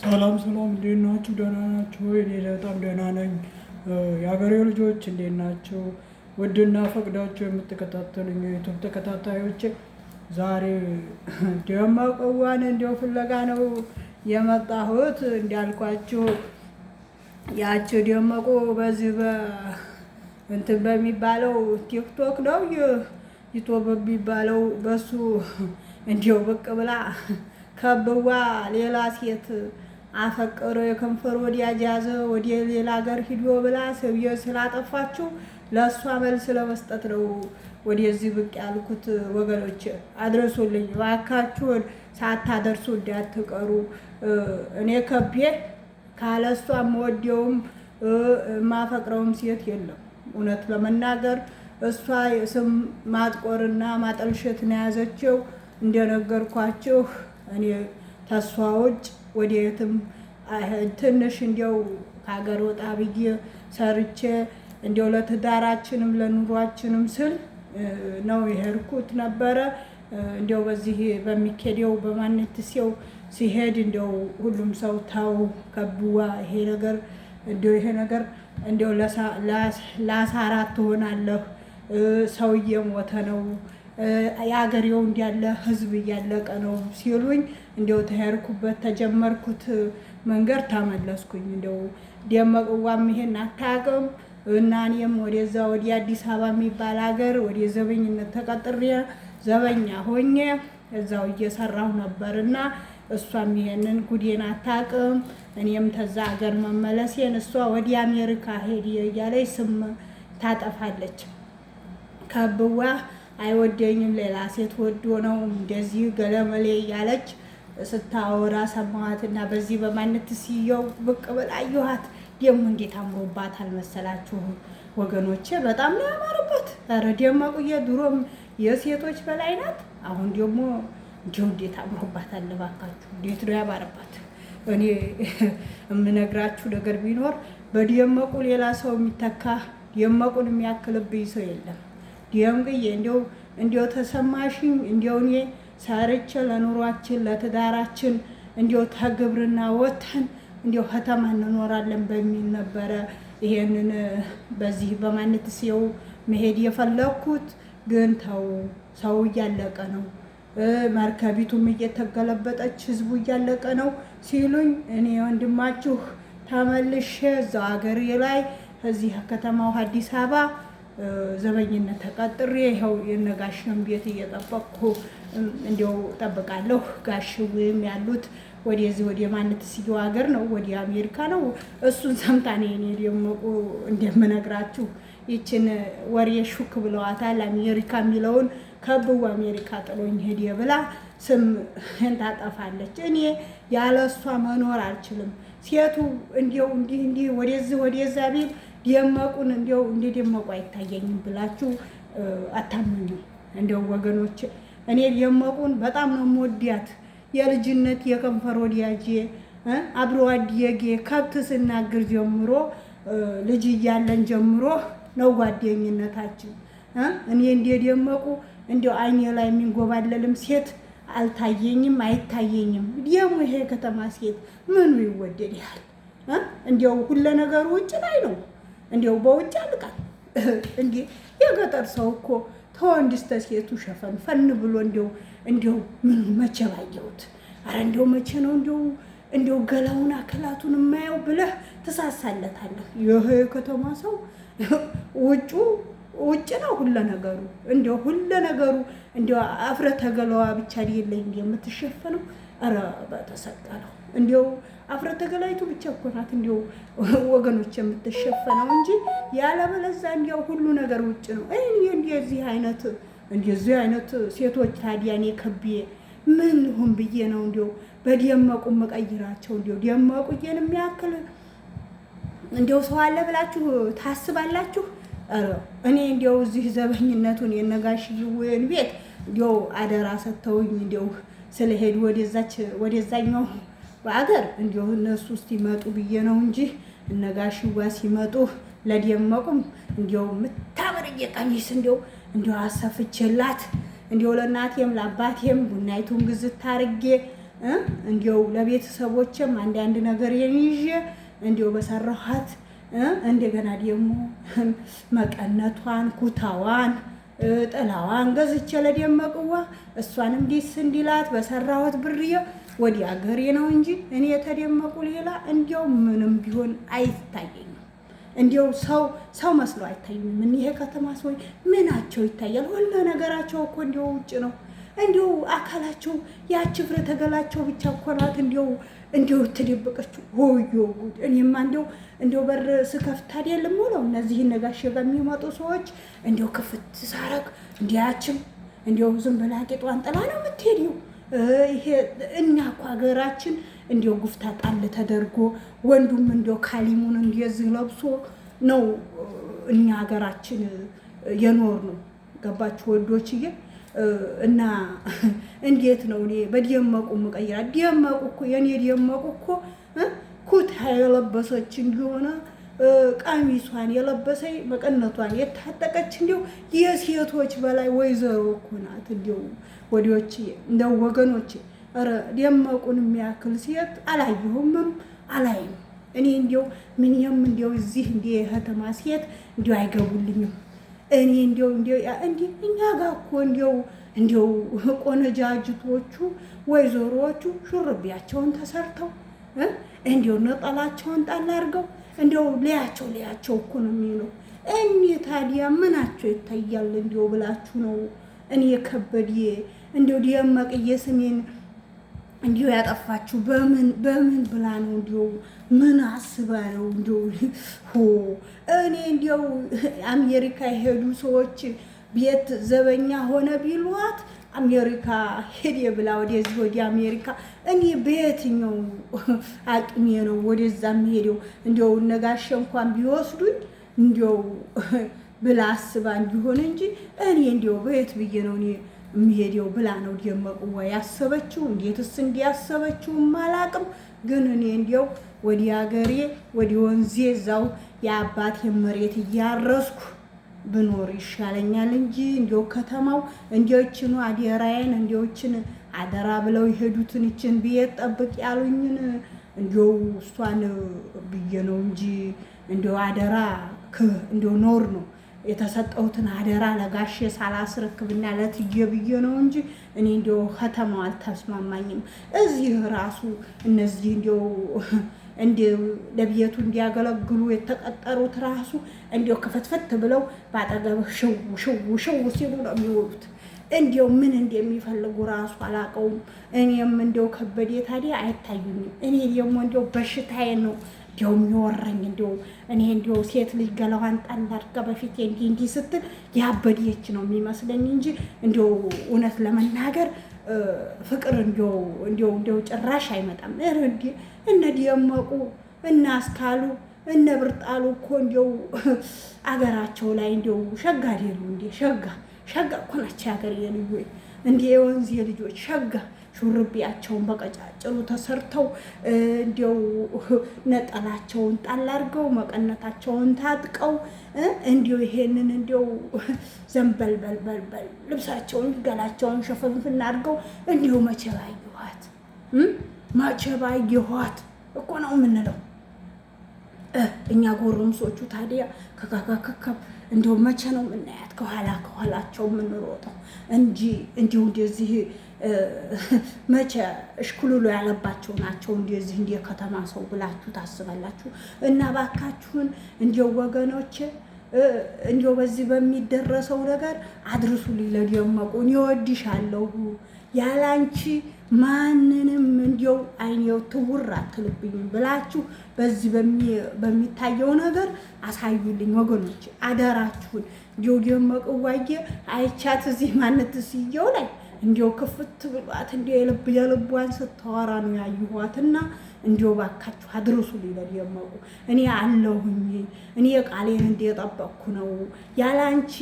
ሰላም ሰላም፣ እንዴት ናችሁ? ደህና ናችሁ እኔ በጣም ደህና ነኝ። የሀገሬው ልጆች እንዴት ናችሁ? ውድና ፈቅዳችሁ የምትከታተሉኝ የዩቱብ ተከታታዮች፣ ዛሬ ደመቀዋን እንዲሁ ፍለጋ ነው የመጣሁት። እንዳልኳችሁ ያችሁ ደመቁ በዚህ እንትን በሚባለው ቲክቶክ ነው ዩቱብ በሚባለው በሱ እንዲው ብቅ ብላ ከብዋ ሌላ ሴት አፈቀረ የከንፈር ወዲያጅ ያዘ ወደ ሌላ ሀገር ሂዶ ብላ ሰብየ ስላጠፋችሁ ለእሷ መልስ ለመስጠት ነው ወደዚህ ብቅ ያልኩት። ወገኖች አድረሱልኝ እባካችሁን፣ ሳታደርሱ እንዳትቀሩ። እኔ ከቤ ካለ እሷ የምወደውም የማፈቅረውም ሴት የለም። እውነት ለመናገር እሷ ስም ማጥቆርና ማጠልሸት ነው ያዘችው። እንደነገርኳችሁ እኔ ተስፋ ውጭ ወዴትም ትንሽ እንዲያው ከሀገር ወጣ ብዬ ሰርቼ እንዲያው ለትዳራችንም ለኑሯችንም ስል ነው የሄድኩት ነበረ። እንዲያው በዚህ በሚኬደው በማንትሴው ሲሄድ እንዲያው ሁሉም ሰው ተው ከብዋ ይሄ ነገር እንዲያው ይሄ ነገር እንዲያው ለአሳራት ትሆናለህ፣ ሰው እየሞተ ነው፣ የአገሬው እንዳለ ህዝብ እያለቀ ነው ሲሉኝ እንደው ተሄርኩበት ተጀመርኩት መንገድ ታመለስኩኝ። እንደው ደመቅዋም ይሄን አታውቅም እና እኔም ወደዛ ወደ አዲስ አበባ የሚባል ሀገር ወደ ዘበኝነት ተቀጥሬ ዘበኛ ሆኜ እዛው እየሰራሁ ነበርና እሷም ይሄንን ጉዴን አታውቅም። እኔም ተዛ ሀገር መመለሴን እሷ ወደ አሜሪካ ሄድ እያለች ስም ታጠፋለች። ከብዋ አይወደኝም ሌላ ሴት ወዶ ነው እንደዚህ ገለመሌ እያለች ስታወራ ሰማኋትና በዚህ በማነት ስየው ብቅ ብላ አየኋት። ደግሞ እንዴት አምሮባታል መሰላችሁም ወገኖቼ፣ በጣም ነው ያማረባት። ኧረ ደመቁዬ ድሮም የሴቶች በላይ ናት። አሁን ደግሞ እንዲሁ እንዴት አምሮባት እባካችሁ፣ እንዴት ነው ያማረባት። እኔ የምነግራችሁ ነገር ቢኖር በደመቁ ሌላ ሰው የሚተካ ደመቁን የሚያክልብኝ ሰው የለም። ደምቅዬ እንዲው ተሰማሽኝ እንዲው እኔ ሰርቼ ለኑሯችን ለትዳራችን እንዲሁ ተግብርና ወተን እንዲሁ ከተማ እንኖራለን በሚል ነበረ። ይሄንን በዚህ በማንትስየው መሄድ የፈለግኩት ግን ተው፣ ሰው እያለቀ ነው፣ መርከቢቱም እየተገለበጠች ህዝቡ እያለቀ ነው ሲሉኝ እኔ ወንድማችሁ ተመልሼ እዛው አገሬ ላይ እዚህ ከተማው አዲስ አበባ ዘበኝነት ተቀጥሬ ይኸው የነ ጋሽን ቤት እየጠበቅኩ እንዲያው ጠብቃለሁ። ጋሽ ወይም ያሉት ወደዚህ ወደ ማነት ስየው ሀገር ነው ወደ አሜሪካ ነው። እሱን ሰምታ ነው የኔ ደመቁ እንደምነግራችሁ ይችን ወሬ ሹክ ብለዋታል። አሜሪካ የሚለውን ከብው አሜሪካ ጥሎኝ ሄደ ብላ ስም ታጠፋለች። እኔ ያለ እሷ መኖር አልችልም። ሴቱ እንዲው እንዲህ እንዲህ ወደዚህ ወደዛ ቢል ደመቁን እንዲያው እንደ ደመቁ አይታየኝም ብላችሁ አታምኑ። እንዲያው ወገኖች እኔ ደመቁን በጣም ነው የምወዳት። የልጅነት የከንፈር ወዳጄ አብሮ አደጌ ከብት ስናግር ጀምሮ ልጅ እያለን ጀምሮ ነው ጓደኝነታችን። እኔ እንደ ደመቁ እንዲያው አይኔ ላይ የሚንጎባለልም ሴት አልታየኝም፣ አይታየኝም። ደግሞ ይሄ ከተማ ሴት ምኑ ይወደዳል? እንዲያው ሁለ ነገሩ ውጭ ላይ ነው። እንዲው በውጭ አልቃል እንዲ የገጠር ሰው እኮ ተወንድ እስተ ሴቱ ሸፈን ፈን ብሎ እንዲው እንዲው ምን መቼ ባየሁት፣ አረ እንዲው መቼ ነው እንዲው እንዲው ገላውን አካላቱን የማየው ብለህ ትሳሳለታለህ። ይሄ የከተማ ሰው ውጩ ውጭ ነው ሁለ ነገሩ እንዲው ሁለ ነገሩ እንዲው አፍረተ ገላዋ ብቻ ሊየለኝ የምትሸፈነው አረ በተሰቀለው እንዲው አፍረተገላይቱ ብቻ እኮ ናት እንዲያው ወገኖች የምትሸፈነው እንጂ ያለበለዚያ እንዲያው ሁሉ ነገር ውጭ ነው። እንደዚህ አይነት እንደዚህ አይነት ሴቶች ታዲያ እኔ ከቤ ምን ልሁን ብዬ ነው እንዲው በደመቁ መቀይራቸው እንዲው እንዲያው ደመቁዬን የሚያክል እንዲው ሰው አለ ብላችሁ ታስባላችሁ? እኔ እንዲው እዚህ ዘበኝነቱን የነጋሽዬውን ቤት እንዲያው አደራ ሰጥተውኝ እንዲው ስለሄድ ወደዛች ወደዛኛው በአገር እንዲሁ እነሱ ሲመጡ ብዬ ነው እንጂ እነጋሽዋ ሲመጡ ለደመቁም እንዲሁ የምታምር እየቀሚስ እንዲሁ እንዲሁ አሰፍቼላት እንዲሁ ለእናቴም ለአባቴም ቡናይቱን ግዝት አርጌ እንዲሁ ለቤተሰቦችም አንዳንድ ነገር ይዤ እንዲሁ በሰራኋት እንደገና ደግሞ መቀነቷን፣ ኩታዋን፣ ጥላዋን ገዝቼ ለደመቅዋ እሷንም ዲስ እንዲላት በሰራሁት ብርዬ ወዲ አገሬ ነው እንጂ እኔ የተደመቁ ሌላ እንዲያው ምንም ቢሆን አይታየኝም። እንዲያው ሰው ሰው መስሎ አይታይም። ምን ይሄ ከተማ ሰው ምናቸው ይታያል? ሁሉ ነገራቸው እኮ እንዲያው ውጭ ነው። እንዲያው አካላቸው ያች ተገላቸው ብቻ እኮ ናት እንዲያው እንዲያው ትደብቀችው። ሆዮ ጉድ! እኔማ እንዲያው እንዲያው በር ስከፍት አይደለም ውለው እነዚህን ነጋሽ በሚመጡ ሰዎች እንዲያው ክፍት ሳረግ እንዲያችም እንዲያው ዝም ብላ ቂጧን ጥላ ነው የምትሄደው ይሄ እኮ ሀገራችን እንዲው ጉፍታ ጣል ተደርጎ ወንዱም እንዲው ካሊሙን እንደዚህ ለብሶ ነው እኛ ሀገራችን የኖር ነው። ገባችሁ እና እንዴት ነው እኔ በደመቁ ደመቁ እኮ የኔ ደመቁ እኮ ኩታ የለበሰች ቀሚሷን የለበሰኝ መቀነቷን የታጠቀች እንዲሁ የሴቶች በላይ ወይዘሮ እኮ ናት። እንዲሁ ወዲዎች እንደ ወገኖች ደመቁን የሚያክል ሴት አላየሁምም አላይም። እኔ እንዲው ምንም እንዲው እዚህ እንዲ የከተማ ሴት እንዲ አይገቡልኝም። እኔ እንዲው እንዲው እኛ ጋር እኮ እንዲው እንዲው ቆነጃጅቶቹ ወይዘሮዎቹ ሹርቢያቸውን ተሰርተው እንዲው ነጠላቸውን ጣል አድርገው እንደው ሊያቸው ሊያቸው እኮ ነው የሚለው። እኔ ታዲያ ምናቸው ይታያል እንዲው ብላችሁ ነው እኔ ከበድ እንዲው ደመቅዬ ስሜን እንዲሁ ያጠፋችሁ በምን በምን ብላ ነው? እንዲሁ ምን አስባ ነው? እንዲሁ ሆ እኔ እንዲው አሜሪካ የሄዱ ሰዎች ቤት ዘበኛ ሆነ ቢሏት አሜሪካ ሄደ ብላ ወደዚህ ወደ አሜሪካ እኔ በየትኛው አቅሜ ነው ወደዛ የምሄደው? እንዲያው ነጋሸ እንኳን ቢወስዱኝ እንዲያው ብላ አስባ እንዲሆን እንጂ እኔ እንዲያው በየት ብዬ ነው እኔ የምሄደው ብላ ነው ደመቁዋ ያሰበችው። እንዴትስ እንዲያሰበችውም አላቅም። ግን እኔ እንዲያው ወደ አገሬ ወደ ወንዜ እዛው የአባቴ መሬት እያረስኩ ብኖር ይሻለኛል እንጂ እንዲው ከተማው እንዲዎችኑ አደራዬን እንዲዎችን አደራ ብለው የሄዱትን ይችን ብዬ ጠብቅ ያሉኝን እንዲው እሷን ብዬ ነው እንጂ እንዲያው አደራ እንዲያው ኖር ነው የተሰጠሁትን አደራ ለጋሼ ሳላስረክብና ለትዬ ብዬ ነው እንጂ እኔ እንዲያው ከተማው አልተስማማኝም። እዚህ ራሱ እነዚህ እንዲው እንዲው ለቤቱ እንዲያገለግሉ የተቀጠሩት ራሱ እንዲው ክፈትፈት ብለው በአጠገብ ሽው ሽው ሽው ሲሉ ነው የሚውሉት። እንዲው ምን እንደሚፈልጉ ራሱ አላውቀውም። እኔም እንዲው ከበዴ ታዲያ አይታዩኝም። እኔ ደግሞ እንዲው በሽታዬ ነው እንዲው የሚወረኝ እንዲው እኔ እንዲው ሴት ልጅ ገለዋን ጣል በፊት እንዲህ እንዲህ ስትል ያበዴች ነው የሚመስለኝ እንጂ እንዲው እውነት ለመናገር ፍቅር እንዲያው እንዲያው እንዲያው ጭራሽ አይመጣም። ኧረ እንደ እነ ደመቁ እነ አስካሉ እነ ብርጣሉ እኮ እንዲያው አገራቸው ላይ እንዲያው ሸጋ ደሉ እንደ ሸጋ ሸጋ እኮ ናቸው የሀገር የልጆች እንደ የወንዝ የልጆች ሸጋ ሹርቢያቸውን በቀጫጭኑ ተሰርተው እንዲው ነጠላቸውን ጣል አድርገው መቀነታቸውን ታጥቀው እንዲው ይሄንን እንዲው ዘንበልበልበልበል ልብሳቸውን ገላቸውን ሸፈንፍና አድርገው እንዲሁ መቼ ባየኋት መቼ ባየኋት እኮ ነው የምንለው። እኛ ጎረምሶቹ ታዲያ ከካካከከብ እንዲሁ መቼ ነው የምናያት? ከኋላ ከኋላቸው የምንሮጠው እንጂ እንዲሁ እንደዚህ መቼ እሽኩልሎ ያለባቸው ናቸው እንደዚህ እንደ ከተማ ሰው ብላችሁ ታስባላችሁ? እና ባካችሁን እንዲው ወገኖች እንዲው በዚህ በሚደረሰው ነገር አድርሱልኝ። ለደመቁ እኔ እወድሻለሁ፣ ያላንቺ ማንንም እንዲው አይኔው ትውር አትልብኝም ብላችሁ በዚህ በሚታየው ነገር አሳዩልኝ ወገኖች፣ አደራችሁን። እንዲው ደመቁ ዋዬ አይቻት እዚህ ማነት ስየው ላይ እንዲው ክፍት ብሏት እንዲ የልብ የልቧን ስታወራ ነው ያየኋትና እንዲው ባካችሁ አድርሱ ሊበል የመቁ እኔ አለሁኝ እኔ ቃሌን እንደጠበቅኩ ነው ያላንቺ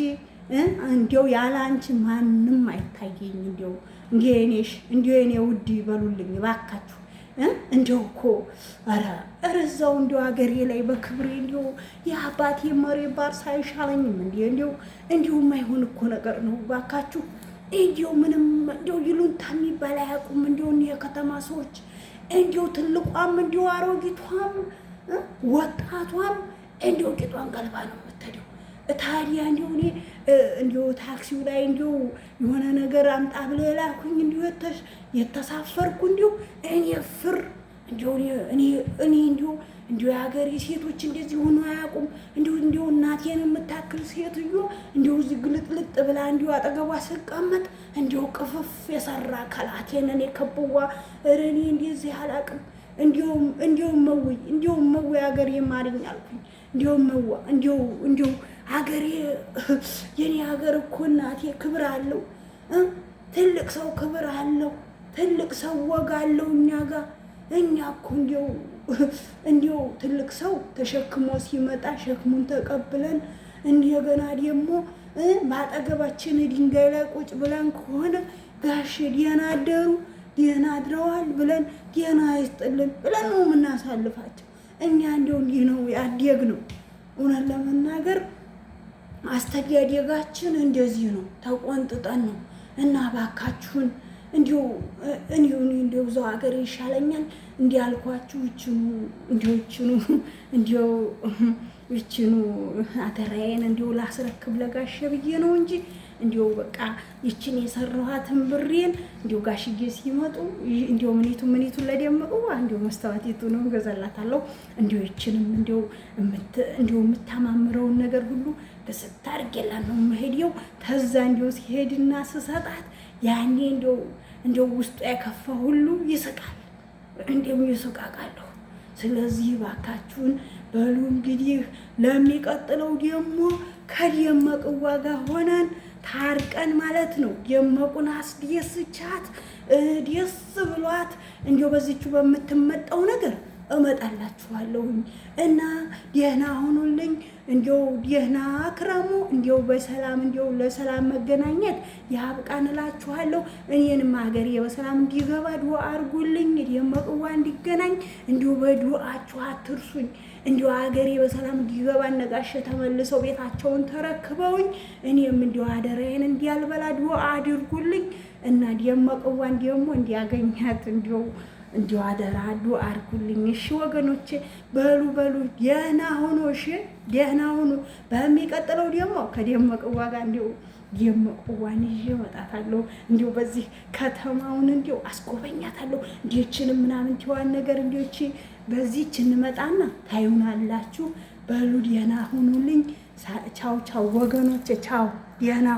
እንዲው ያለ ማንም አይታየኝ እንዲው እንዲ ኔሽ እንዲ ኔ ውድ ይበሉልኝ ባካችሁ እንዲው እኮ ኧረ እርዛው እዛው እንዲው ሀገሬ ላይ በክብሬ እንዲው የአባቴ መሬ ባር ሳይሻለኝም እንዲ እንዲው እንዲሁም አይሆን እኮ ነገር ነው ባካችሁ እንዲው ምንም እንዲው ይሉንታ የሚባል አያውቁም። እንዲው የከተማ ሰዎች እንዲው ትልቋም እንዲው አሮጊቷም ወጣቷም እንዲው ቂጧን ገልባ ነው የምትሄደው። ታዲያ እንዲው እኔ እንዲው ታክሲው ላይ እንዲው የሆነ ነገር አምጣ ብለህ ላኩኝ እንዲው የተሳፈርኩ እንዲው እኔ ፍር እንዲሁ እኔ እኔ እንዲሁ እንዲሁ የሀገሬ ሴቶች እንደዚህ ሆኖ አያውቁም። እንዲሁ እንዲሁ እናቴን የምታክል ሴትዮ እንዲሁ እዚህ ግልጥልጥ ብላ እንዲሁ አጠገቧ ስቀመጥ እንዲሁ ቅፍፍ የሰራ ከላቴን እኔ ከብዋ እኔ እንደዚህ አላውቅም። እንዲሁም እንዲሁም መውይ እንዲሁም መውይ ሀገሬ ማርኝ አልኩኝ። እንዲሁም መዋ እንዲሁ እንዲሁ ሀገሬ የኔ ሀገር እኮ እናቴ ክብር አለው። ትልቅ ሰው ክብር አለው። ትልቅ ሰው ወግ አለው እኛ ጋር እኛ እኮ እንዲያው እንዲያው ትልቅ ሰው ተሸክሞ ሲመጣ ሸክሙን ተቀብለን እንደገና ደግሞ በአጠገባችን ድንጋይ ላይ ቁጭ ብለን ከሆነ ጋሽ ደህና አደሩ ደህና አድረዋል ብለን ደህና አይስጥልን ብለን ነው የምናሳልፋቸው። እኛ እንዲያው እንዲህ ነው ያደግ ነው። እውነት ለመናገር አስተዳደጋችን እንደዚህ ነው፣ ተቆንጥጠን ነው እና ባካችሁን እንዲሁ እንዲሁ እንዲሁ ብዙ ሀገር ይሻለኛል እንዲህ አልኳችሁ። ይችኑ እንዲሁ ይችኑ እንዲሁ ይችኑ አደራዬን እንዲሁ ላስረክብ ለጋሸ ብዬ ነው እንጂ እንዲሁ በቃ ይችን የሰራኋትን ብሬን እንዲሁ ጋሽጌ ሲመጡ እንዲሁ ምኒቱ ምኒቱ ለደምቁ እንዲሁ መስተዋቴቱ ነው ገዛላታለሁ። እንዲሁ ይችንም እንዲሁ እንዲሁ የምታማምረውን ነገር ሁሉ ስታርጌላ ነው መሄድየው ተዛ እንዲሁ ሲሄድና ስሰጣት ያኔ እንዲሁ እንደው ውስጡ የከፋ ሁሉ ይስቃል፣ እንዲም ይስቃቃለሁ። ስለዚህ ባካችሁን በሉ እንግዲህ ለሚቀጥለው ደግሞ ከደመቅዋ ጋር ሆነን ታርቀን ማለት ነው። ደመቁን አስደስቻት ደስ ብሏት እንዲያው በዚቹ በምትመጣው ነገር እመጣላችኋለሁኝ እና ደህና ሁኑልኝ። እንዲው ደህና ክረሙ። እንዲው በሰላም እንዲው ለሰላም መገናኘት ያብቃን እላችኋለሁ። እኔንም ሀገሬ በሰላም እንዲገባ ዱዐ አድርጉልኝ። የመቅዋ እንዲገናኝ እንዲሁ በዱዐችሁ አትርሱኝ። እንዲሁ ሀገሬ በሰላም እንዲገባ ነጋሽ ተመልሰው ቤታቸውን ተረክበውኝ እኔም እንዲሁ አደራዬን እንዲያልበላ ዱዐ አድርጉልኝ እና ደመቅዋን ደግሞ እንዲያገኛት እንዲው እንዲሁ አደራሉ አርጉልኝ። እሺ ወገኖቼ፣ በሉ በሉ፣ ደህና ሆኖ እሺ፣ ደህና ሆኖ። በሚቀጥለው ደግሞ ከደመቅዋ ጋር እንዲሁ ደመቅዋን ይዤ እመጣታለሁ። እንዲሁ በዚህ ከተማውን እንዲሁ አስጎበኛታለሁ። እንዲችን ምናምን ቲዋን ነገር እንዲች በዚች እንመጣና ታዩናላችሁ። በሉ ደህና ሆኑልኝ። ቻው ቻው ወገኖቼ፣ ቻው ደህና